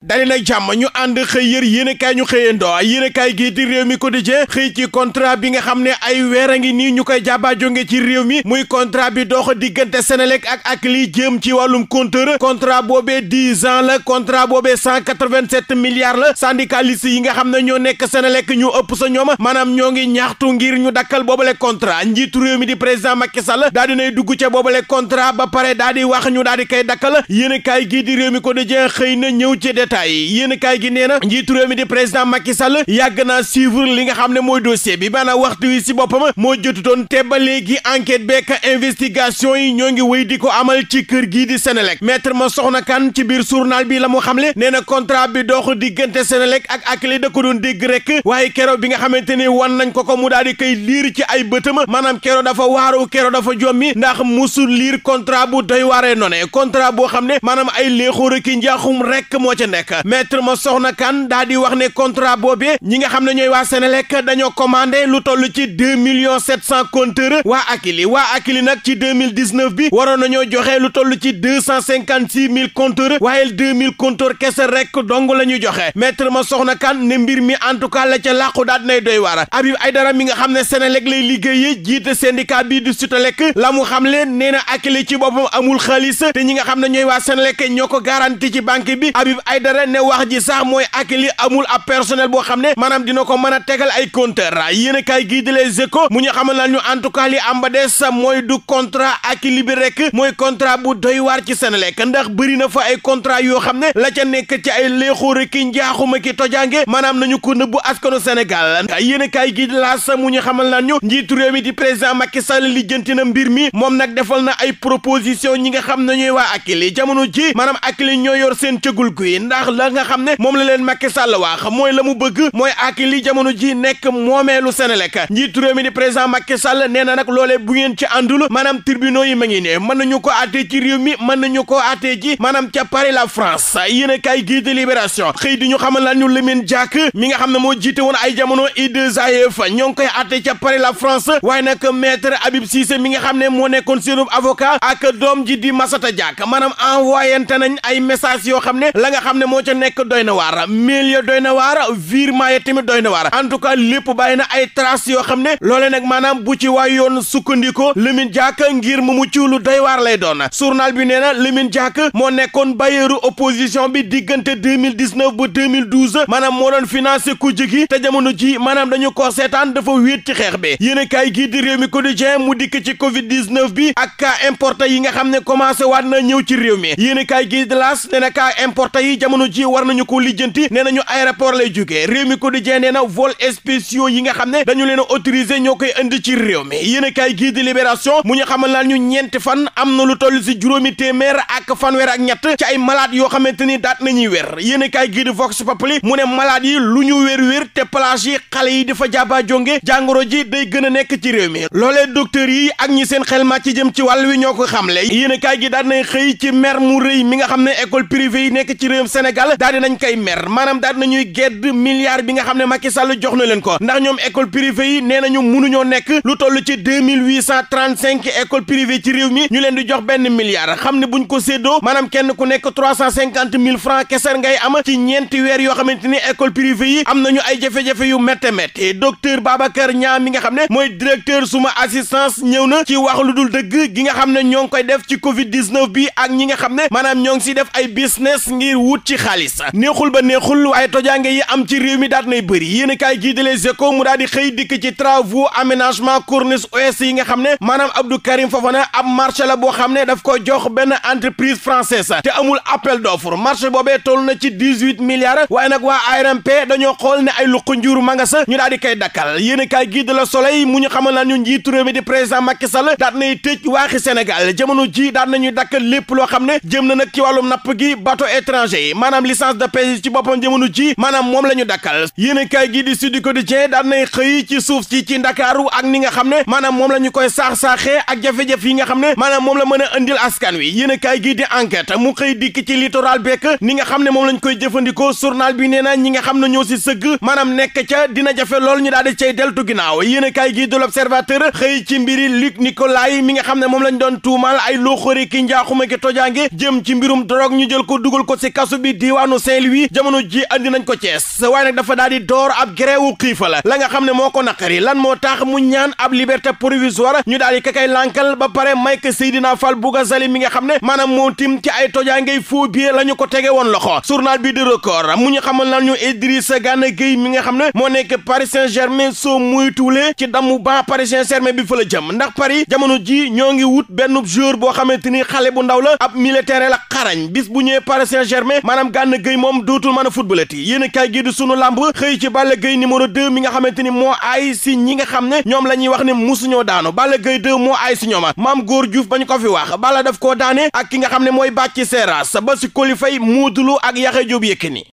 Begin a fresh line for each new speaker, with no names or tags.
dali nag jàmm ñu ànd xëy yër yéenekaay ñu xëyandoo yéenekaay gii di réew mi quotidien xëy ci contrat bi nga xam ne ay weer a ngi nii ñu koy jàbbaa jónge ci réew mi muy contrat bi dox diggante Senelec ak ak li jëm ci wàllum compteur contrat boobee dix ans la contrat boobee cent quatre-vingt-sept milliards la syndicaliste yi nga xam ne ñoo nekk Senelec ñu ëpp sa ñoom maanaam ñoo ngi ñaxtu ngir ñu dakkal boobale contrat njiitu réew mi di président Macky Sall daal dinay dugg ca boobale contrat ba pare daal di wax ñu daal di koy dakkal yéenekaay gii di réew mi quotidien xëy na ñëw ci détail yéen kaay gi nee na njiitu réew mi di président Macky Sall yàgg naa suivre li nga xam ne mooy dossier bi maanaam waxtu wi si boppam moo jotutoon te ba léegi enquête beek investigation yi ñoo ngi wéy di ko amal ci kër gii di Senelec maître ma soxna kan ci biir journal bi la mu xamle nee na contrat bi dox diggante Senelec ak ak da ko doon dégg rek waaye keroo bi nga xamante ni wan nañ ko ko mu daal di koy liir ci ay bëtëm maanaam keroog dafa waaru keroog dafa jommi ndax musul liir contrat bu doy waaree noone contrat boo xam ne maanaam ay léexóor ki njaaxum rek moo ca ne Senelec maître ma soxna kan daa di wax ñi nga xam ne ñooy waa Senelec dañoo commandé lu toll ci deux millions sept cent compteurs waa Akili waa Akili nag ci deux mille dix neuf bi waroon nañoo joxe lu toll ci deux cent cinquante six mille compteurs waaye deux mille compteurs kese rek dong la ñu joxe maître ma soxna kan ne mbir mi en tout cas la ca làqu daal nay doy mi nga xam ne Senelec lay liggéeyee jiite syndicat bii du Sutelec la mu xam leen nee Akili ci boppam amul xaalis te ñi nga xam ne ñooy waa Senelec ñoo ko bi Aïdara ne wax ji sax mooy Akilee amul ab personnel boo xam ne maanaam dina ko mën a tegal ay compteur yéen a kaay gii di Les Échos mu ñu xamal na ñu en tout cas li am ba des mooy du contrat Akilee bi rek mooy contrat bu doy waar ci Senelec ndax bëri na fa ay contrat yoo xam ne la ca nekk ci ay léexóore ki njaaxuma ki tojange maanaam nañu ko nëbbu askanu Sénégal yéen a kaay gii di L'As mu ñu xamal na ñu njiitu réew mi di président Macky Sall lijjanti na mbir mi moom nag defal na ay ñi nga xam ne ñooy waa Akilee jamono ji maanaam Akilee ñoo yor seen cëgul guyi ndax la nga xam ne moom la leen Macky Sall wax mooy la mu bëgg mooy ak li jamono ji nekk moomeelu Senelec njiitu réew mi di président Macky Sall nee na nag bu ngeen ci àndul maanaam tribunaux yi ma ngi ne mën nañu ko àttee ci réew mi mën nañu ko àttee ji maanaam ca Paris la France yéen a kaay gii de Libération xëy ñu xamal la ñu Lamine mi nga xam ne moo jiite woon ay jamono IAAF e ñoo ngi koy àttee ca Paris la France waaye nag maître Habib Cissé mi nga xam ne moo nekkoon yoo xam ne moo ca nekk doy na waar mail ya doy na waar virement ya tamit doy na waar en tout cas lépp bàyyi na ay traces yoo xam ne loole nag maanaam bu ci waa yoon sukkandiko Lamine Diack ngir mu mucc lu day waar lay doon journal bi nee na Lamine Diack moo nekkoon bayeeru opposition bi diggante 2019 ba 2012 maanaam moo doon financé ku jigi te jamono ji maanaam dañu ko seetaan dafa wéet ci xeex bi yéen a kaay gii di réew mi quotidien mu dikk ci covid 19 bi ak cas importé yi nga xam ne commencé waat na ñëw ci réew mi yéen kaay gii di laas na cas yi jamono jamono ji war nañu ko lijjanti nee nañu aéroport lay jugee réew mi quotidien nee na vol spéciaux yi nga xam ne dañu leen a autorisé ñoo koy indi ci réew mi yéen a kaay gii di libération mu ñu xamal laan ñu ñeenti fan am na lu toll si juróomi téeméer ak fanweer ak ñett ci yoo xamante ni daat nañuy wér yéen a kaay gii di vox populi mu ne malade yi lu ñu wér-wér te plage yi xale yi dafa jaaba jonge jàngoro ji day gën a nekk ci réew mi loolee docteur yi ak ñi seen xel ma ci jëm ci wàll wi ñoo ko xamle yéen a kaay gi daat nay xëy ci mer mu rëy mi nga xam ne école privée yi nekk ci réew Sénégal Sénégal daal di nañ koy mer maanaam daal di nañuy gedd milliard bi nga xam ne Macky Sall jox na leen ko ndax ñoom école privée yi nee nañu munuñoo nekk lu toll ci deux mille huit cent trente cinq école privée ci réew mi ñu leen di jox benn milliard xam ne bu buñ ko séddoo maanaam kenn ku nekk trois cent cinquante mille francs keser ngay am ci ñeenti weer yoo xamante ni école privée yi am nañu ay jafe-jafe yu métte métte docteur Babacar Niang mi nga xam ne mooy directeur suma assistance ñëw na ci wax lu dul dëgg gi nga xam ne ñoo ngi koy def ci Covid 19 bi ak ñi nga xam ne maanaam ñoo ngi siy def ay business wut ci xaalis neexul ba neexul waaye tojaange yi am ci réew mi daat nay bëri yéen a kaay gii di Les mu daal di xëy dikk ci travaux aménagement corniche ouest yi nga xam ne maanaam Abdou Karim Fofana ab marché la boo xam ne daf ko jox benn entreprise française te amul appel d'offre marché boobee toll na ci dix-huit milliards waaye nag waa ARMP dañoo xool ne ay luqu njuur ma nga sa ñu daal di koy dakkal yéen a kaay gii di Le Soleil mu ñu xamal naa ñu njiitu réew président Macky Sall daat nay tëj Sénégal jamono ji daat nañuy dakkal lépp loo xam ne jëm na nag ci wàllum napp gi bateau étranger yi maanaam licence de pêche ci boppam jamono ci maanaam moom la ñu dakkal yéen a kaay gii di Sud Quotidien daan nay xëy ci suuf si ci ndakaaru ak ni nga xam ne maanaam moom la ñu koy saax-saaxee ak jafe-jafe yi nga xam ne maanaam moom la mën a indil askan wi yéen a di enquête mu xëy dikk ci littoral bekk ni nga xam ne moom la koy jëfandikoo journal bi nee na ñi nga xam ne ñoo si sëgg maanaam nekk ca dina jafe lool ñu daal di cay deltu ginnaaw yéen a kaay gii di l'observateur xëy ci mbiri Luc Nicolaï mi nga xam ne moom lañ doon tuumal ay looxóori ki njaaxuma ki tojaange jëm ci mbirum drogue ñu jël ko dugal ko si kasu bi bi diiwaanu Saint-Louis jamono ji andi nañ ko Thiès waaye nag dafa daal di door ab gréewu xiifala la nga xam ne moo ko naqari lan moo tax mu ñaan ab liberté provisoire ñu daal di kakay lànkal ba pare may ko Seydina Fall Bougazelli mi nga xam ne maanaam moo tim ci ay tojaangay faux billets la ñu ko tege woon loxo journal bi di record mu ñu xamal lan ñu Idrissa Gana Gueye mi nga xam ne moo nekk Paris Saint-Germain soo muy tuulee ci damu ban Paris Saint-Germain bi fa la jëm ndax Paris jamono ji ñoo ngi wut benn joueur boo xamante ni xale bu ndaw la ab militaire la xarañ bis maanaam gànn géy moom dootul mën a footballati yéen a kaay gii di sunu làmb xëy ci Balla Gaye numéro 2 mi nga xamante ni moo ay si ñi nga xam ne ñoom la ñuy wax ne musuñoo daanu Balla Gaye 2 moo ay si ñooma maam góor Diouf bañu ko fi wax Balla daf koo daane ak ki nga xam ne mooy bàcci seeraas ba si fay muudulu ak yaxe jóob yëkki ni